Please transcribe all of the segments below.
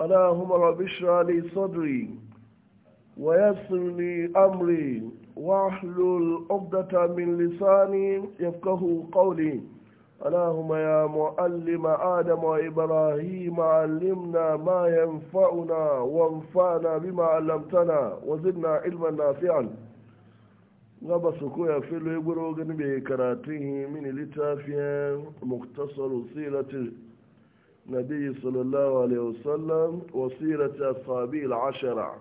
اللهم رب اشرح لي صدري ويسر لي امري واحلل عقدة من لساني يفقه قولي اللهم يا معلم آدم وإبراهيم علمنا ما ينفعنا وانفعنا بما علمتنا وزدنا علما نافعا غاب سكويا في الويبرو غنبي كراتيه من لتافيا مختصر سيرة نبي صلى الله عليه وسلم وصيرة أصحابه العشرة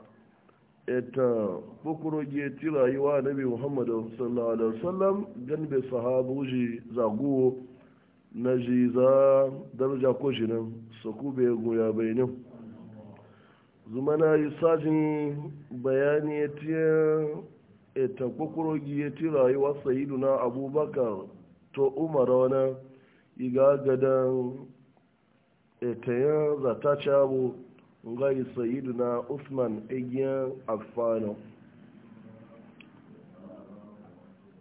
إتا بكرو جيتي رأيوا نبي محمد صلى الله عليه وسلم جنب صحابه جي زاقوه نجي زا درجة كوشنا سكو بيقو يا بينه زمانا يساجن بياني يتيا إتا بكرو جيتي رأيوا سيدنا أبو بكر تو أمرونا إيقا قدام etayen zata cabu ngai na usman igiyan afano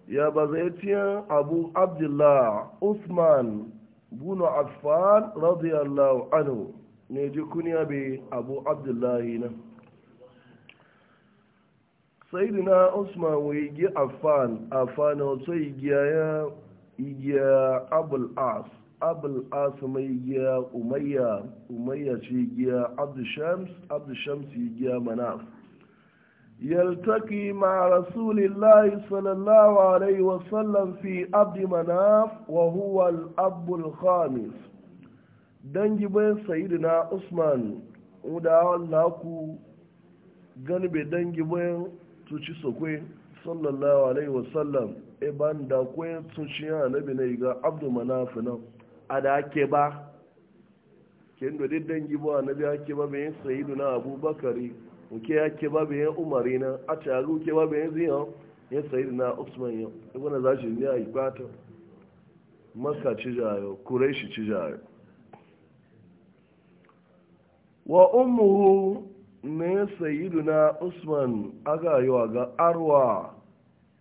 ya ba zaitiyan abu abdullah usman bunu affan radiyallahu anhu ne ji kuniya bi abu abdullahi nan na usman wa igi affan afano wato igiya ya igiya abul as abul asamai giya umayya umayya ce giya abdushams abdushams giya manaf yaltaki ma rasulillahi sallallahu alaihi wasallam fi abdi manaf wa huwa al-abul khamis dangi bayan sayidina usman da laku ganibe dangi bayan tuci sokwe sallallahu alaihi wasallam iban e da kwe tuci ya nabi na ga abdu manaf nan a da ake ba kin da diddan gibo annabi ake ba bayan sayyiduna abubakari muke ake ba bayan umari na a taru ke ba bayan ziyan ya sayyiduna usman ya ibn zashi ne a ibata maka ci jayo kureshi ci jayo wa ummuhu ne sayyiduna usman aga yawa ga arwa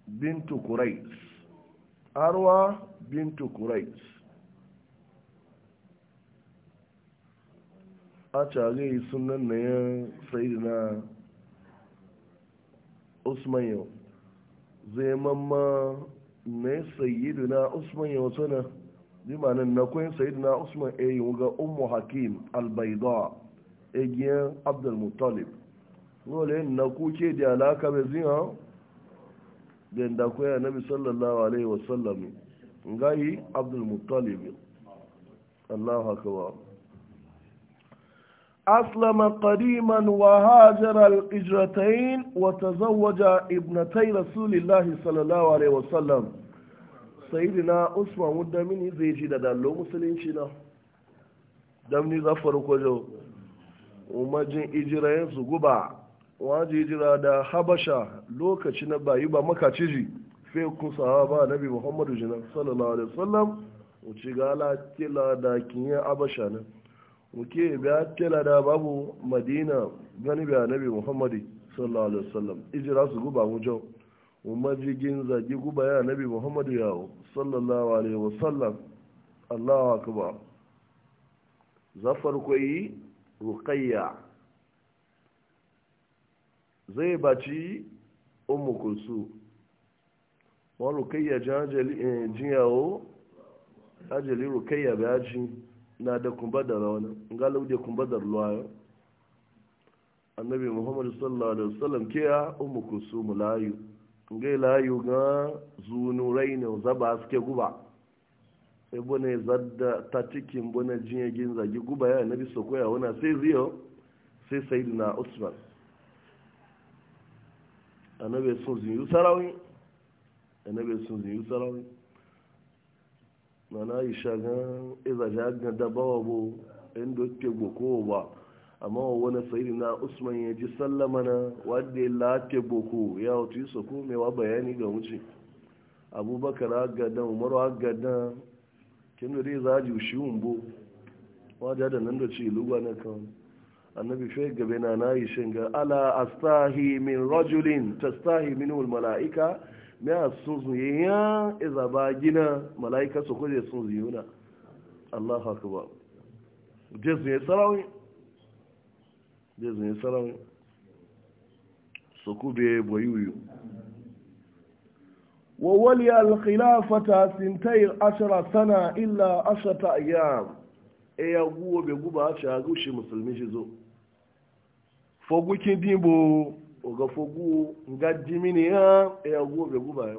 bintu kurais arwa bintu kurais a tare sunan na yan sayidina usman yau zai mamma na sayidina usman yau suna limanin na kwayin sayidina usman a yi wuga umu hakim albaida egiyan abdulmutalib nole na kuke da alaka mai zina da da kwayin nabi sallallahu alaihi wasallam ngayi abdulmutalib allahu akabar أسلم قديما وهاجر الإجرتين وتزوج ابنتي رسول الله صلى الله عليه وسلم سيدنا عثمان مدمني زي جدا دالو مسلم شنا دمني زفر كوجو ومجن إجرين زغبا waje jira da habasha lokaci na bayi ba makaci ji fe kun sahaba nabi muhammadu jinan sallallahu alaihi wasallam wuce ga ala kila da kiyan habasha nan muke biya tela da babu madina gani biya nabi muhammadu sallallahu alaihi wasallam ijira su guba mu jau umajigin zagi guba ya nabi muhammadu yawo sallallahu alaihi wasallam allahu akbar zafar kwayi ruqayya zai baci ummu kulsu wa ruqayya jajali eh, jinyawo ajali ruqayya baji na da kumbadar wani galau da kumbadar luwayo annabi muhammadu sallallahu alaihi wasallam ke ya umu kusumu layu ga layu ga zunurai na zaba suke guba sai bane zadda ta cikin bane jinyagin zagi guba ya annabi sokoya wana sai ziyo sai na usman annabi sun ziyu sarawi annabi sun ziyu sarawi nana isha gan iza ja gan dabawa bo in ke boko ba amma wani sayi na usman ya ji sallama na wadda ya lafe boko ya wato yi soko mai wa bayani ga wuce abubakar agadan umaru agadan kin da a zaji shi umbo wajen da nan da ce lugwa na kan annabi fai gabe na na yi shinga ala astahi min rajulin tastahi min mala'ika me ya so su yi ya iza ba gina mala'ika su kuje sun ziyuna allahu akuba jesu ya sarawi jesu ya sarawi su kube boyuyu wawali alkhilafata sintai ashara tana illa ashata ayyam e ya guwa bai guba a shi musulmi shi zo fogukin dimbo oga fogu ga jimini ya ya gobe guba ya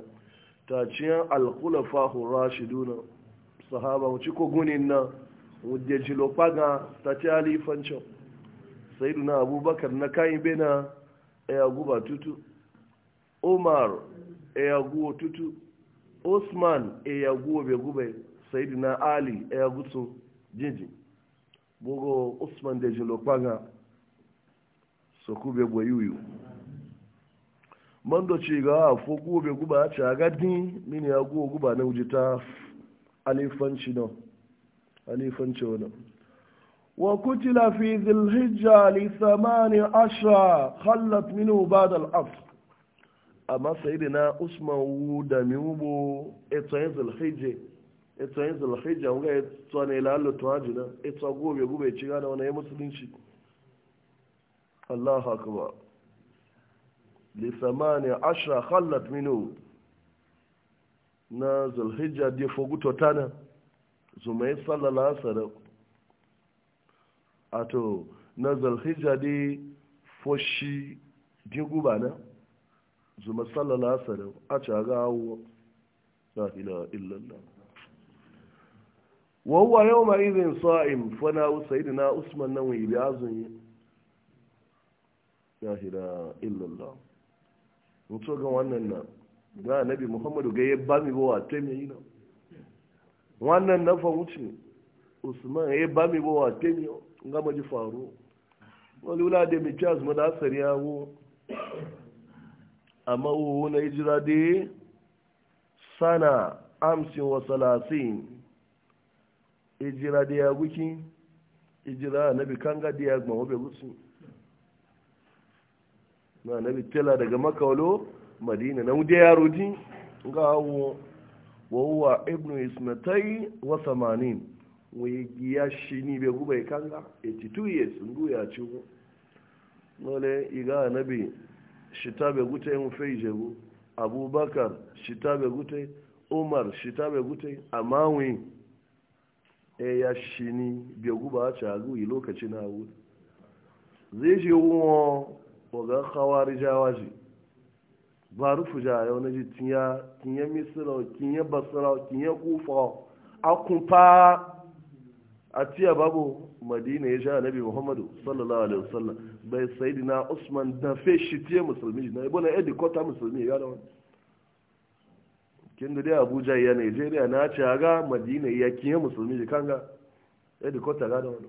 ta ciyan alkulafa hura shi duna sahaba wuce kogunin na wadda jilo paga ta ci alifancin abubakar na kayan bena guba tutu umar ya guwa tutu osman ya gobe gube sai duna ali ya gutsu jinjin bugo usman da jilo paga so kube man da ce ga hafo gobe guba a cagadin mini ya go guba na wuji ta alifanci wani wa kuti lafi zilhijja li samani asha hallat mini ba da al'asr amma na usman wu da miwubo etoyin zilhijja etoyin zilhijja wunga eto ne lalata hajjina eto gobe gube ci gane wani ya musulunci allahu akbar lisamani ashra khallat minu na zulhijja di foguto tana zumai sallala asara ato na zulhijja di foshi di gubana zuma sallala asara a caga awo la ilaha illallah wa huwa yawma idhin sa'im fa na sayyidina usman nawawi bi azun la ilaha illallah mutu ga wannan na ga nabi muhammadu ga ya ba mi bawa ta mi yi na wannan na fa wuce usman ya ba mi bawa ta mi ga maji faru wani wula da mai charles ma da ya wo amma wo na ijirade sana amsin wa salasin hijira da ya ijira hijira nabi kanga de ya gbawa bai gusi na nabi tela daga makawalo madina na wude yaro ji ga awo wa ibnu ismatai wa samanin wai giya shi ni bai guba kanga 82 years ndu ya ci ku nole iga nabi shita bai gute yin fai jebu abubakar shita bai gute umar shita bai gute amma e ya shi ni bai guba a ci a lokaci na wuri zai shi wuwa ga kawari jawaji ba rufu ja yau na ji tinya tinya misira tinya basira tinya kufa akunfa a tiya babu madina ya sha nabi muhammadu sallallahu alaihi wasallam bai na usman da shi tiye musulmi na ibola edi kota musulmi ya da wani kin da abuja ya nigeria na ce ga madina ya kiye musulmi kan ga edi kota ga da wani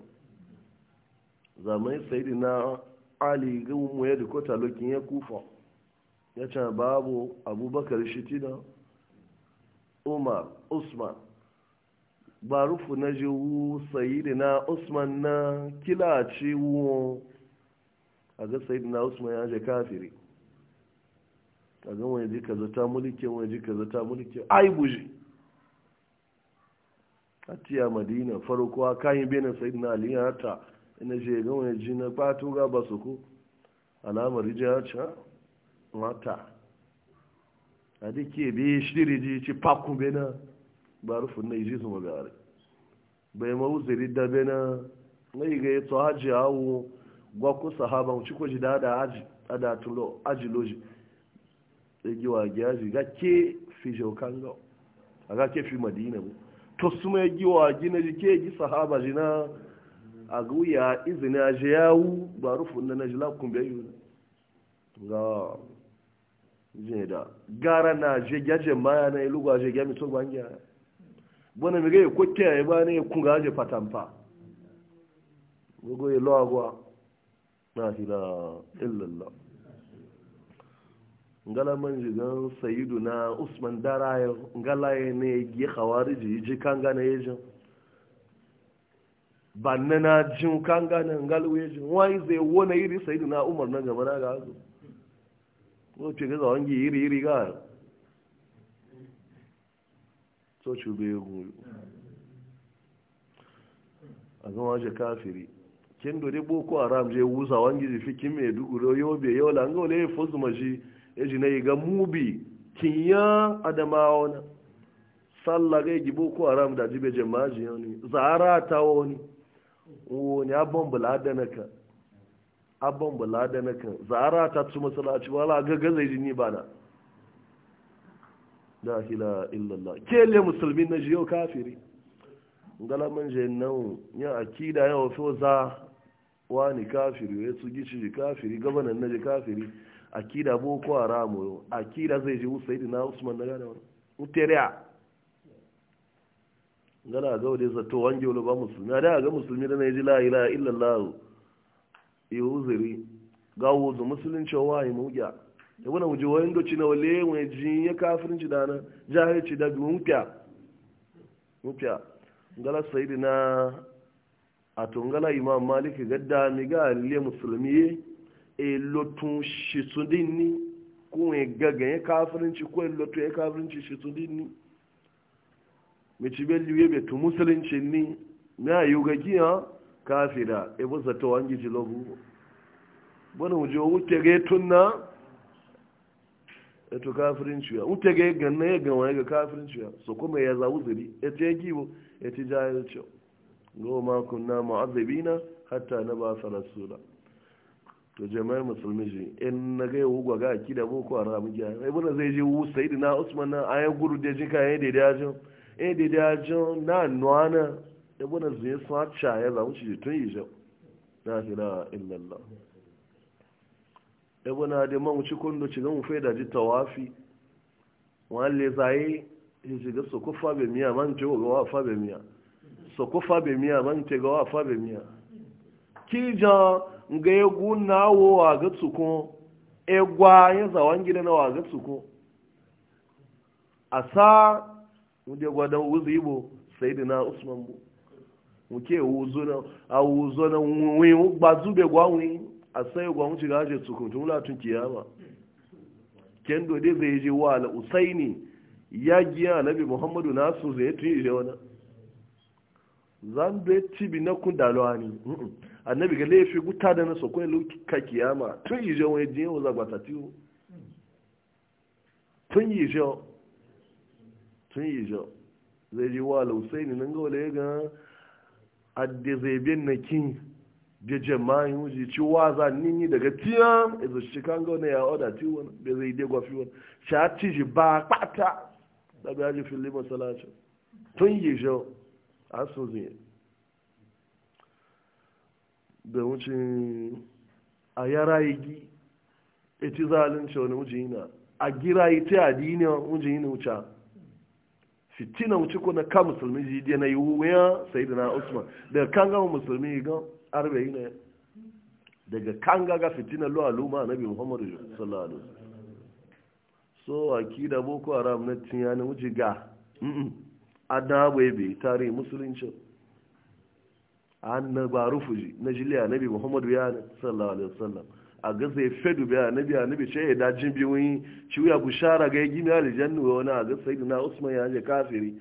zamanin na. ali ga mu ya rikota lokin ya kufa ya ce babu abubakar shitina umar usman ba rufu na jiwu sayidi na usman na kila ci wuwo a ga sayidi na usman ya je kafiri a ga wani ji zata ta wani ji zata ta mulke ai buji a tiya madina farko a kayan benin sayidi na aliyu hata ina je ga wani ji na kwatu ga basuku su ku alamar rijiya ca mata a dike bi shiri ji ci pakun bena ba rufin na iji su magare bai mawuzari da bena na yi ga yato aji awu gwa ku sahaba ci ko da da aji a da tulo haji loji da e giwa gi ga ke fi jaukan ga a ga ke fi madina bu to su mai giwa na ji ke gi sahaba ji na a guya izini a je yawu ba rufu na najila kumbe yi ga jini da gara na je gyaje maya na ilugu a je gyami to bangiya bwana mi gaye kokke ya ba ne kunga je patampa gogo ye lo agwa na ilaha illallah ngala man jigan na usman darayo ngala ne gi khawariji ji kanga na yejo ba na jin kan gane ngalwe jin wani zai wona iri sai na umar na gaba na ga hazo ko ce ga zawangi iri iri ga so cube goyo a ga waje kafiri kin dore boko haram je wusa wangi ji fikin mai duguro yobe yau la ngo le fozu maji e ji na ga mubi kinya adamawa na sallah ga gi boko haram da jibe jama'a ji ne zara ta woni wani abban bulada na kan abban bulada na kan zara ta su masalaci wala gaga zai jini ba na la hila illallah le musulmi na jiyo kafiri galaman je nau ya akida ya wato za wani kafiri ya su gici ji kafiri gabanan na ji kafiri akida boko haramu akida zai ji usaidi na usman na gane wani ngala ga wadai zato wange wala ba musulmi a da ga musulmi da na ji la ilaha illallah yi uzuri ga wuzu musulunci wa yi mugya da wani wuje wayan doci na wale wani ji ya kafirinci da nan jahilci da bi mupya mupya ngala sayidi na a tungala imam maliki gadda mi ga le musulmi e lotun shi sudin ni ko e gaga ya kafirinci ko e lotun ya kafirinci shi sudin ni mici belli ye be tu musulunci ni na yi ga giya kafira e bu zato wangi ji lobu bana wuje wute ga tunna e to kafirin ciya wuce ga ganna ya ga wani ga kafirin ciya so kuma ya za uzuri e te giwo e ti jahil ciya go ma kunna mu'azzibina hatta na ba rasula to jama'ar musulmi ji in na ga yau gwa ga akida boko haram giya e na zai ji wu sayyidina usman na ayan gudu da jika yayin da ya e da e dajin na nuwana ya buna zuye sun hacca ya zamu shi tun yi na hila illallah ya buna da man wuce kundu ci gamu fai da ji tawafi wani zaye ya shiga su kufa miya man ce ga wa fa bai miya su kufa bai miya man ce ga wa fa miya kijan nga egwu na wo a ga tsukun egwa ya zawon gida na wa ga tsukun a sa wunde gwadon wuzu ibo sai da na usman bu muke wuzo na a wuzo na wuyi ba zube gwawun a sai gwawun ci gaje tsukuntun latun kiyama kendo dai zai je wa la usaini ya giya nabi muhammadu nasu zai tun ije wani zan bai cibi na kun dalawa ne annabi ga laifi guta da na sokon luka kiyama tun ije wani jiyan wazagwata tiwo tun ije wani sun yi jau zai ji wa lausai ne nan gawa ya ga adde zai biyan na kin da jama'i wuji ci wa za nini daga tiya izu shi kan gawa na ya da tiwon da zai dai gwafi wani sha ci shi ba kpata da bi ji fili masalacin tun yi jau a zai yi da wuce a yara igi eti zalunci wani wuce yi na a gira yi ita adini wuce yi na wuce fitina wuce ko na ka musulmi ji dia na yiwu ya na usman daga kan ga musulmi ga arba'in ne daga kan ga fitina lo aluma annabi muhammad sallallahu alaihi wasallam so akida boko haram na tinya na wuce ga mm adabu ebe tare musulunci annabaru fuji na jiliya annabi muhammad ya sallallahu alaihi wasallam a gasa ya fedu biya na biya na bishe ya dajin biyoyi ci ya bushara ga ya gini nuwa wani a gasa yi na usman ya je kafiri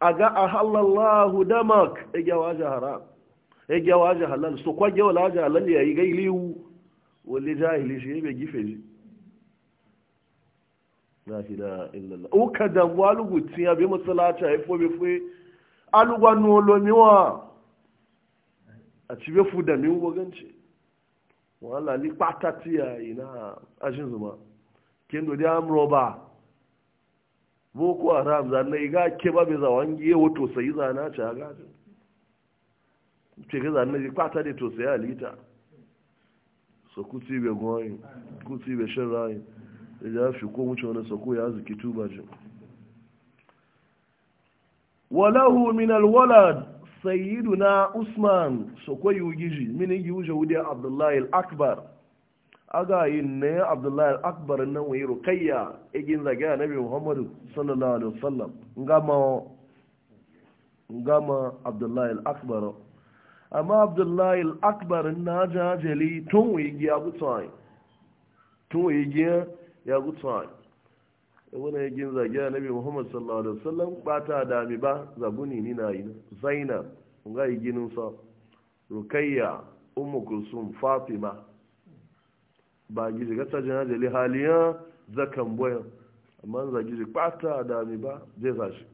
a ga a halallahu damak ya gyawa ji haram ya gyawa ji halal so kwa gyawa la ji halal ya yi gai liwu wani jahili shi ya bai gife ji na shi da illallah uka da walugu tiya bi masalata ya fobe fwe alugwa nuolomiwa a ci bai fu da wala li patati ya ina ajin zuma kendo da amro ba boko haram za na iga ke ba be zawangi ya wato sai za na ta ga ce ga za na ji kwata da to sai alita so kuti be goyin kuti be shirai da ya fi ko mucho na soko ya ziki tuba ji. walahu min alwalad sayyiduna usman sokoyi ugiji mini gi uje wude abdullahi akbar aga yin ne abdullahi al-akbar nan wai rukayya egin zage anabi muhammadu sallallahu alaihi wasallam ngama ngama abdullahi al-akbar amma abdullahi akbar na jajali tun wai gi gutu tun gi ya gutsan wani ya gin a nabi muhammad sallallahu alaihi wasallam ba ta dami ba zaguni ni na yi zainab ga yi ginin sa rukayya ummu kulsum fatima ba gizi ga ta jina jali haliya zakan boyan amma zage ji ta dami ba zai sashi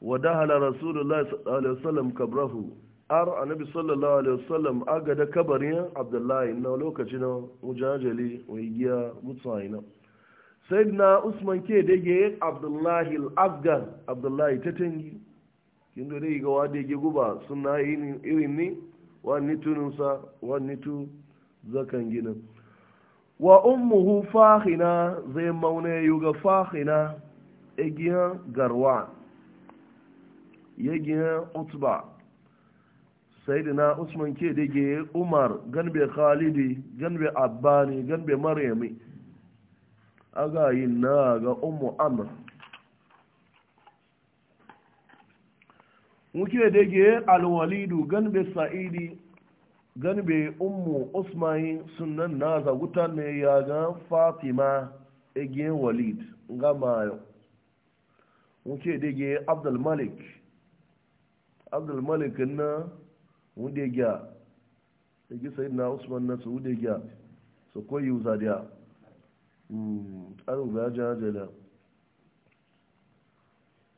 wa dahala rasulullahi sallallahu alaihi wasallam kabrahu ar annabi sallallahu alaihi wasallam aga da kabarin abdullahi na lokaci na mujajali waigiya mutsayi na na usman ke dage abdullahi al-afghan abdullahi ta tangi kin da dai ga wa da ge guba suna irin ni wani tununsa wani tu zakan gina wa ummuhu fahina zai maune yuga fahina egiyan garwa yagiyan utba sayidina usman ke dage umar ganbe khalidi ganbe abbani ganbe maryami aga yin na ga ummu amr muke dage alwalidu ganbe sa'idi ganbe ummu usman sunan na zaguta ne ya ga fatima ege walid ga mayo muke dage abdul malik abdul malik na wunde gya igi sai na usman na su wunde gya su koyi uza hmm, da an ga jajala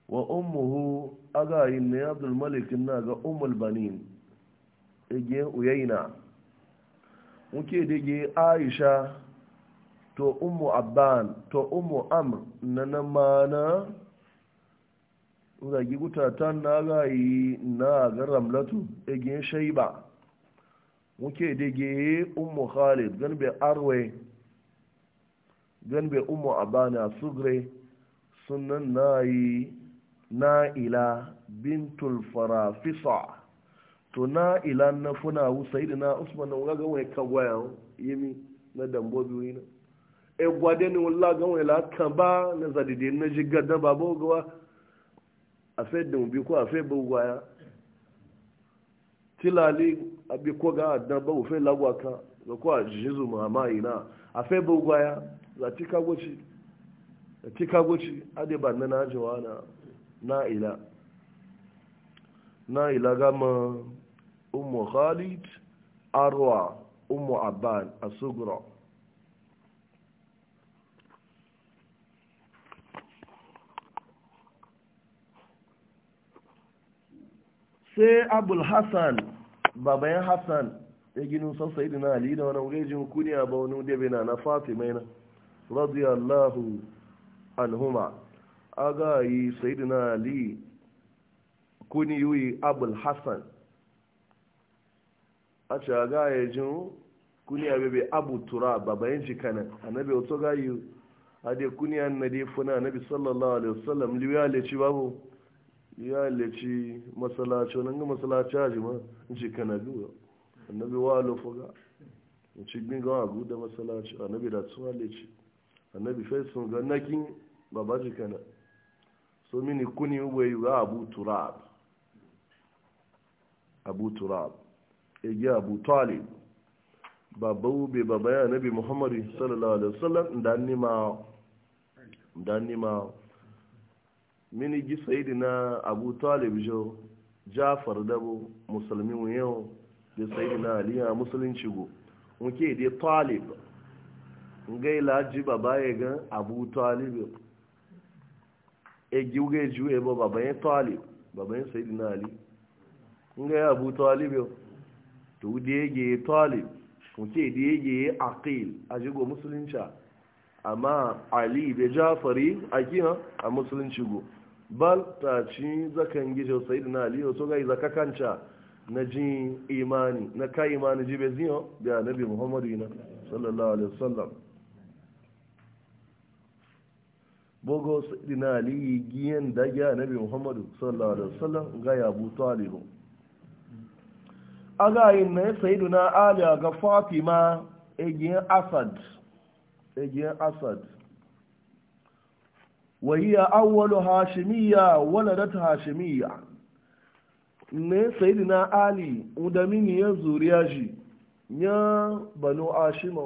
wa ummuhu aga yin na abdul malik na ga ummul banin igi uyaina muke dige aisha to ummu abban to ummu amr na na mana zagi gutatan na gayi na ga latu egin shaiba muke dege ummu khalid ganbe arwe ganbe ummu abana sugre sunan nayi ila bintul farafisa to na ila na funa wusaidi na usman ga ga wai kagwaya yimi na biyu na e gwade ni wala ga wai la kan ba na zadide na da babo gawa a fed da bi ko a fed bugwaya tilali abi ko ga adan ba ufe lagwaka ga ko a jizu mama ina a ka gosi za ti ka gosi a de ade nana na jawa na na ila na ga ma umu khalid arwa umu abban asugura sai abul hassan babayan hassan ya ginin sassai da na ali da wani wurejin kuniya ba wani dabe na na fatima yana radiyallahu anhuma aga yi sayyidina ali kuniyoyi yi abul hassan a ce aga ya jin kuniya bebe abu tura babayan jikana annabi wato ga yi a dai kuniya na dai funa annabi sallallahu alaihi wasallam liya babu ya leci masalaci wani ga masalaci haji ma in ce kana biyu annabi wa ga in ce bin gawa gu da masalacin annabi da tsuwa leci annabi fai sun ga nakin babaji kana so mini kuni yi ga abu turab abu turab e gi abu talib babba ube babba ya nabi muhammadu sallallahu alaihi wasallam da nima da nima mini gi sayidi na abu talib jo jafar dabo musulmi wuyan da sayidi na aliyu musulun go nke da talib ila ji baba ya ga abu talib e gi uge ju e baba ya talib baba ya sayidi na ali ya abu talib to di ge talib nke di ge aqil ajigo musulunci amma ali da jafari a kiyan a musulunci go bal ta ci zakan gije sai da na ali so gai zakakanca na ji imani na ka imani ji be ziyo da nabi muhammadu na sallallahu alaihi wasallam bogo sai na ali giyan da ga nabi muhammadu sallallahu alaihi wasallam ga ya bu talibu aga yin ne na ali ga fatima e giyan asad egiyar asad wahiya awwalu hashimiyya waladat hashimiyya ne na ali udamini ya zuriya shi ya banu ashima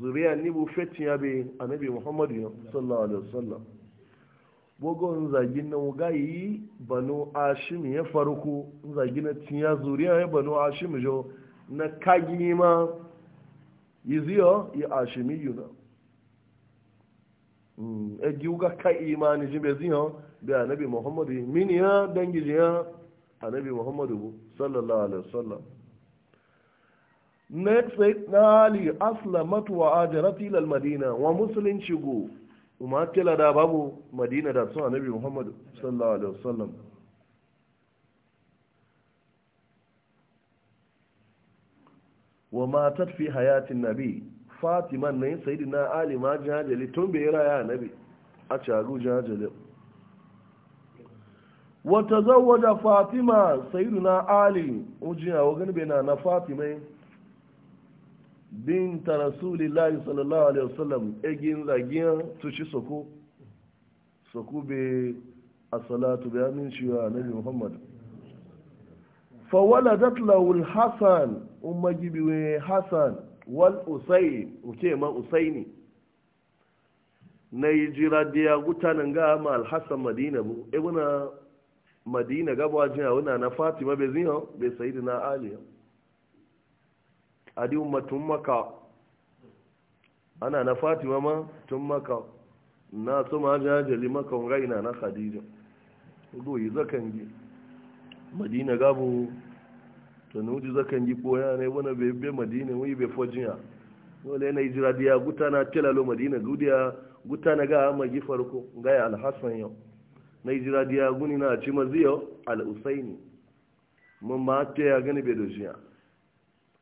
zuriya ni bu fetin ya bi anabi muhammadu sallallahu alaihi wasallam bugun zagin na wugayi banu ashim ya farko zagin na tiya zuriya ya banu ashim jo na kagima yi ziyo ya ashimi yuna Mm, egiuga ka imani jimbe ziyo bi anabi muhammadu mini ya dangi jiya anabi muhammadu sallallahu alaihi wasallam next week na ali aslamat wa ajarat ila al madina wa muslim shigo umma tela da babu madina da sun anabi muhammadu sallallahu alaihi wasallam wa matat fi hayatin nabi fatima na yin sayidi na alima jihajali tun bai raya nabi a caru jihajali wata zawaja fatima sayidi na ali ujiya wagan bai na na fatima binta lai sallallahu alaihi wasallam egin zagiya tushi soko soko bai a salatu bai aminci wa nabi muhammad fawaladat lawul hassan umma gibiwe hassan wal usai uke ma usaini na yi jira da ya guta nan ga ma alhassan madina bu ibuna e madina gaba jiya wuna na fatima bai ziyan bai sayi da na aliyu adi umatun maka ana na fatima ma tun maka na su ma jajali maka raina na khadija yi zakan gi madina gabu to ne wuji zakan yi koya ne wani bebe madina wani be fojiya wale na hijira diya guta na telalo madina gudiya guta na ga ama gi farko gaya alhassan yau na hijira diya guni na ci maziyo al'usaini mun ma ta ya gani bai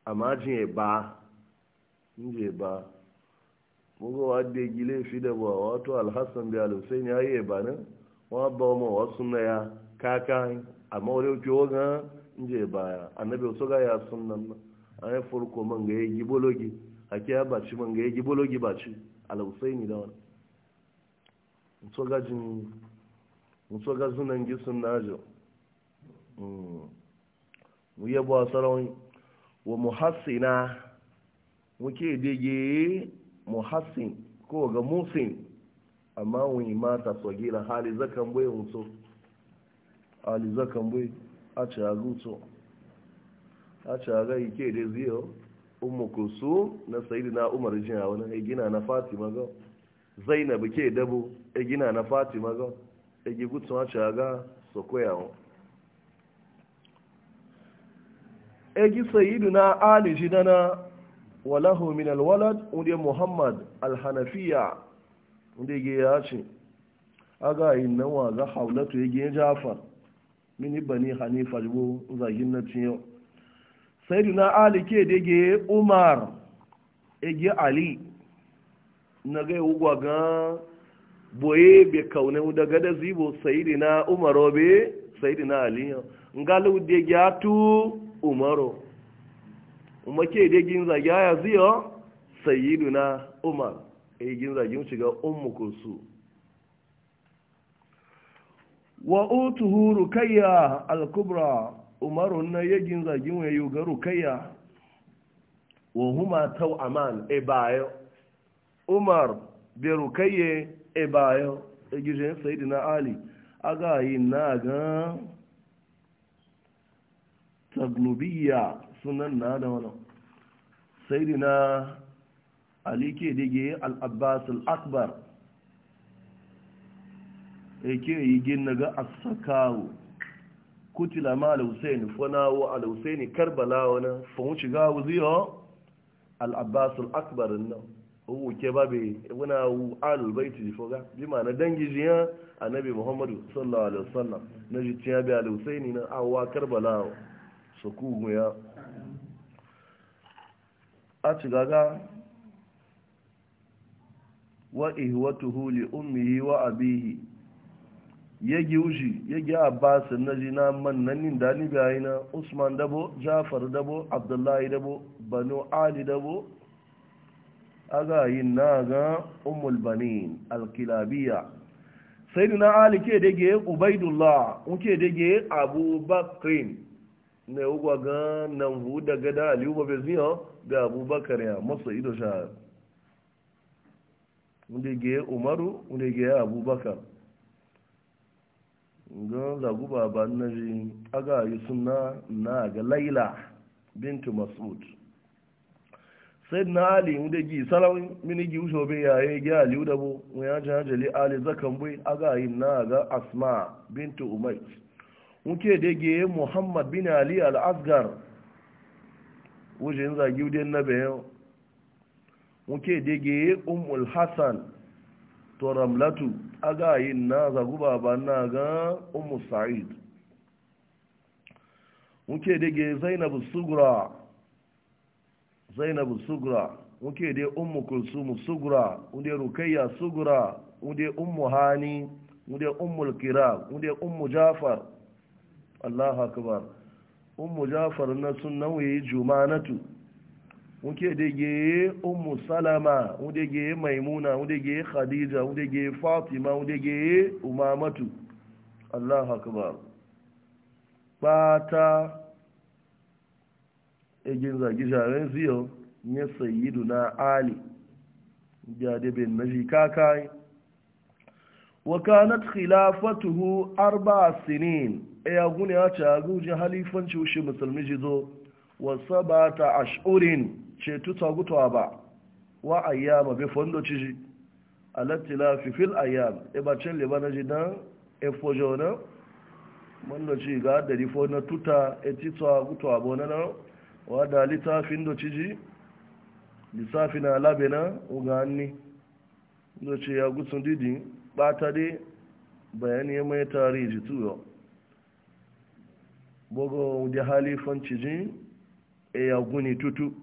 amma jin ya ba in ba mun ga wadda gile fi da ba wato alhassan da al'usaini ya yi ba nan wa ba ma wasu na ya kaka amma wani ke nje baya annabi wasu ga ya sun nan an yi farko man ga ya gibologi hake ya baci man ga ya gibologi baci alausai ni da wani wasu ga jin wasu ga zunan gi sun na ajo hmm. mu yi ba sarawai wa muhassina muke dege muhassin ko ga musin amma wani mata tsogira hali zakan bai wasu hali zakan bai a caga a ike da ziyo umu kulsum na sayidu na umar jina wani e gina na fatima ga zainab ke dabo egina na fatima ga egi gutsun a caga sokoyawa egi sayidu na ali jidana walahu min alwalad wunde muhammad alhanafiya wunde ge ya ce aga yi nawa ga haulatu ya ge jafar mini bani hanifa jibo zagin na ciyo sayyiduna ali ke dege umar ege ali na ga ugwa ga boye be kaune daga da zibo sayyidina umaro be sayyidina ali ngalu dege atu umaro umma ke dege zagaya ziyo sayyiduna umar egin zagin shiga ummu kulsum wa utuhu rukayya al-kubra umaru na yagin zagin wa yuga rukayya wa huma Aman e bayo umar bi rukayye e bayo e gije sayidina ali aga yi na ga taglubiya sunan na da wani sayidina ali ke dige al-abbas al-akbar yake yi gina ga asakawo kutila ma al-husaini fanawo al-husaini karbala wani fahimci ga wuziyo al-abbas al-akbar nan owo ke babe wani awu al-baiti foga bi ma na dangi jiya nabi muhammadu sallallahu alaihi wasallam na jitiya bi al-husaini na Awuwa karbala su ku ya a ci gaga wa ihwatuhu li ummihi wa abihi yagi wuji yagi abbas na man nan da ni na usman dabo jafar dabo abdullahi dabo banu ali dabo aga yin naga ga banin alkilabiya sai ali ke dage ubaidullah ke dage abubakar ne ugwa ga nan hu daga da aliyu ba beziyo da abubakar ya masa ido sha wanda ge umaru wanda ge abubakar ga lagu baba nabi aga yi suna na ga laila bintu mas'ud sai na ali mu da gi salawi mini gi usho be yaye gi ali da bo mu ya jan jali ali zakan bai aga yi na ga asma bintu umayt muke da ge muhammad bin ali al-asgar wujin zagi u nabe na muke da ge ummul hasan to ramlatu aga yin na zagu ba na ga umu sa'id muke dage zainabu sugura zainabu sugura muke dai umu kulsumu sugura wunde rukayya sugura wunde umu hani wunde umu kira wunde umu jafar allah akbar umu jafar na sunan wayi jumanatu muke dege Umu salama mudege maimuna mudege khadija mudege fatima mudege umamatu allah akbar bata egin zagi jaren ziyo ya na ali jadibin na jikakai wakanat khilafatuhu arba sinin ya gune ya a gujin halifanci shi musulmi jizo wasu ba ta ashirin. cetu tsagutuwa ba wa ayyama bai fondo ciji alattila fifil ayyam ibacin e libana ji dan efojo na wanda ci ga dari fo na tuta etitwa gutuwa bona na wada littafin do ciji lissafi na labe na uganni do ci ya gutsun didi bata dai bayani mai tarihi tuyo bogo da halifan ciji e ya guni tutu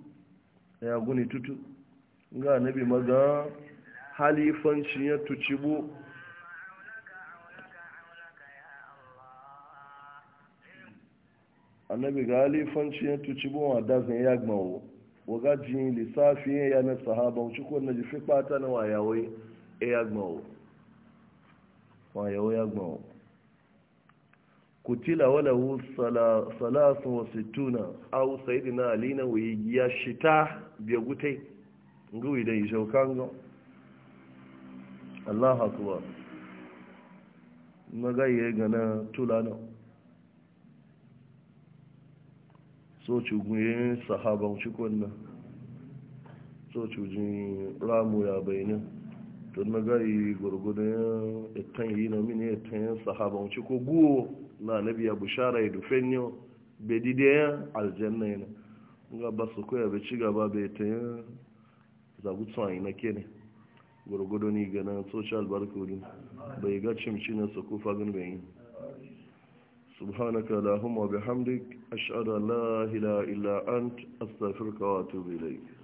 ya guni tutu ga nabi maga halifancin ya tuci bu annabi ga halifancin ya tuci bu wa dazin ya gbawo waga jin lissafi ya na sahaba wuce ko na jifi fata na wayawai ya gbawo wayawai ya gbawo kutila hu salasun wasu tuna, au saidi na alina wuyi ya shita biya gutai nguwi da ishaukan kango allahu kuwa magaye gana tulano so cugunye sahaban cikon nan so cujin ramu ya bayanin tun magaye gurgudan ya kan yi na mini ya kan sahaban cikon guwo na nabi ya bushara idu fenyo be aljanna yana nga ba koya be ci gaba be ta yin zagutsu a ina kene gwargwado ni gana social barcode bai ga cimci na su kufa gan bayin subhanaka allahumma bihamdik ashhadu an la ilaha illa ant astaghfiruka wa atubu ilayk